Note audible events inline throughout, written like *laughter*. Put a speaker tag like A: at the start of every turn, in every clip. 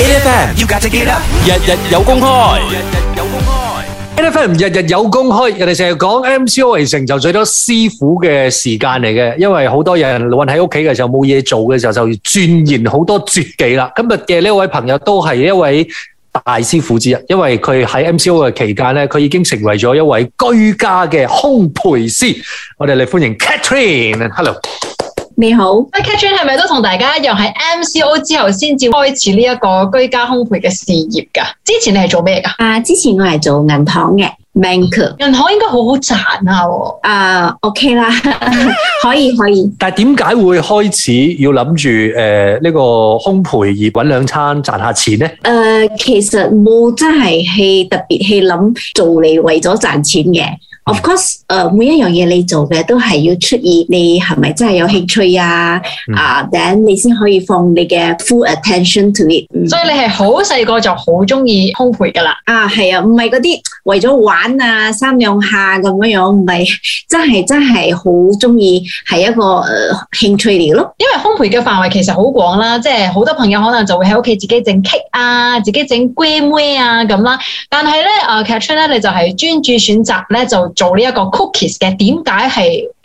A: N.F.M. 要架隻機日日有公開，日日有公開。n f 日日，日日有公開，人哋成日講 M.C.O. 係成就最多師傅嘅時間嚟嘅，因為好多人韫喺屋企嘅時候冇嘢做嘅時候，就鑽研好多絕技啦。今日嘅呢位朋友都係一位大師傅之一，因為佢喺 M.C.O. 嘅期間咧，佢已經成為咗一位居家嘅烘焙師。我哋嚟歡迎 Catherine，Hello。Hello
B: 你好，阿 Catherine 係咪都同大家一樣喺 MCO 之後先至開始呢一個居家烘焙嘅事業㗎？之前你係做咩㗎？啊，之前我係做銀行嘅。Banker、er、人行應該好好賺啊！啊、uh,，OK 啦，可 *laughs* 以可以。 *laughs* 可以
A: 但係點解會開始要諗住誒呢個烘焙而揾兩餐賺下錢咧？
B: 誒，uh, 其實冇真係係特別係諗做你為咗賺錢嘅。Mm. Of course，誒、uh, 每一樣嘢你做嘅都係要出現你係咪真係有興趣啊？啊、mm. uh, then 你先可以放你嘅 full attention to it、mm.。所以你係好細個就好中意烘焙㗎啦。Uh, 啊，係啊，唔係嗰啲為咗玩。啊，三兩下咁樣樣，唔係真係真係好中意，係一個誒、呃、興趣嚟咯。因為烘焙嘅範圍其實好廣啦，即係好多朋友可能就會喺屋企自己整 cake 啊，自己整 gran 梅啊咁啦。但係咧，誒、呃、Catherine 咧，你就係專注選擇咧，就做呢一個 cookies 嘅。點解係？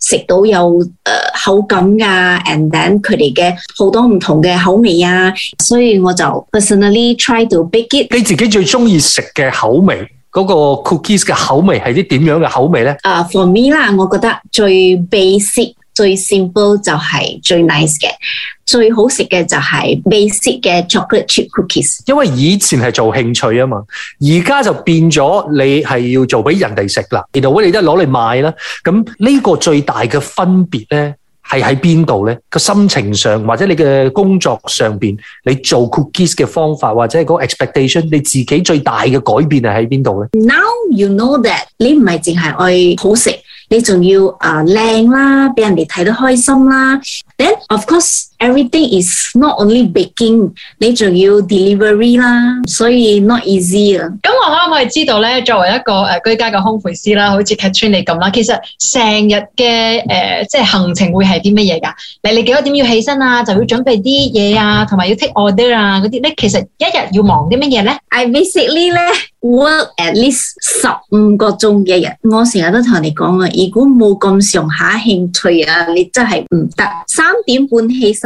B: 食到有、呃、口感啊，and then 佢哋嘅好多唔同嘅口味啊，所以我就 personally try to bake it。你自己最中意食嘅口味嗰個 cookies 嘅口味係啲點樣嘅口味呢？啊，uh，for me 啦，我覺得最 basic。最 simple 就係最 nice 嘅，最好食嘅就係 basic 嘅 chocolate chip cookies。因為以前係做興趣啊嘛，
A: 而家就變咗你係要做俾人哋食啦，然後我哋都係攞嚟賣啦。咁呢個最大嘅分別咧，係喺邊度咧？個心情上或者你嘅工作上邊，你做 cookies 嘅方法或者係嗰個 expectation，你自己最大嘅改變係喺邊度咧
B: ？Now you know that，你唔係淨係愛好食。你仲要啊靚，uh，啦，俾人哋睇得開心啦，then of course。Everything is not only baking，你仲要 delivery 啦，所以 not easy 啊。咁我可唔可以知道咧？作為一個誒居家嘅烘焙師啦，好似 Catherine 你咁啦，其實成日嘅誒即係行程會係啲乜嘢噶？你你幾多點要起身啊？就要準備啲嘢啊，同埋要 take order 啊啲咧。其實一日要忙啲乜嘢咧？I basically 咧 work at least 十五個鐘嘅日。我成日都同人哋講啊，如果冇咁上下興趣啊，你真係唔得。三點半起身。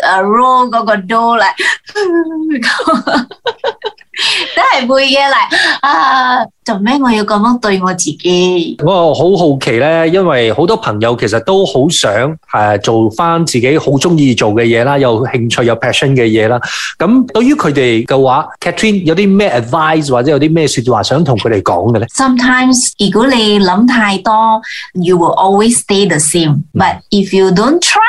B: A r 啊 l 嗰個都嚟，都係會嘅嚟。啊，做咩我要咁樣對我自己？我好好
A: 奇咧，因為好多朋友其實都好想誒做翻自己好中意做嘅嘢啦，有興趣有 passion 嘅嘢啦。咁對於佢哋嘅話 *music* Catherine 有啲咩 advice 或者有啲咩說話想同佢哋講嘅咧
B: ？Sometimes 如果你諗太多，you will always stay the same. Mm hmm. But if you don't try.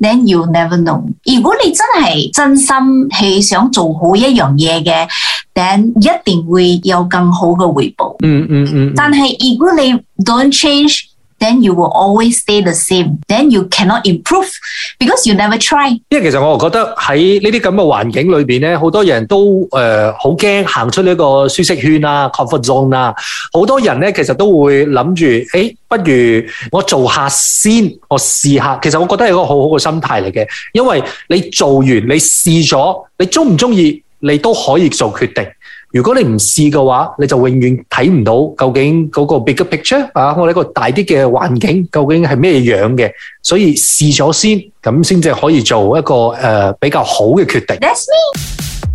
B: Then you never know。如果你真係真心係想做好一樣嘢嘅，then 一定會有更好嘅回報。嗯
A: 嗯嗯。
B: 但係如果你 don't change。Then you will always stay the same. Then you cannot improve because you never try.
A: 因為其實我又覺得喺呢啲咁嘅環境裏邊咧，好多人都誒好驚行出呢個舒適圈啊，comfort zone 啊。好多人咧，其實都會諗住誒，不如我做下先，我試下。其實我覺得係一個好好嘅心態嚟嘅，因為你做完，你試咗，你中唔中意，你都可以做決定。如果你唔試嘅話，你就永遠睇唔到究竟嗰個 big picture 啊，我呢個大啲嘅環境究竟係咩樣嘅，所以試咗先，咁先至可以做一個呃比較好嘅決定。That's
B: me.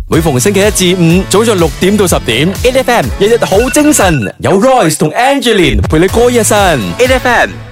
A: 每逢星期一至五，早上六點到十點，FM 日日好精神，有 Royce 同 Angelina 陪你過一晨，FM。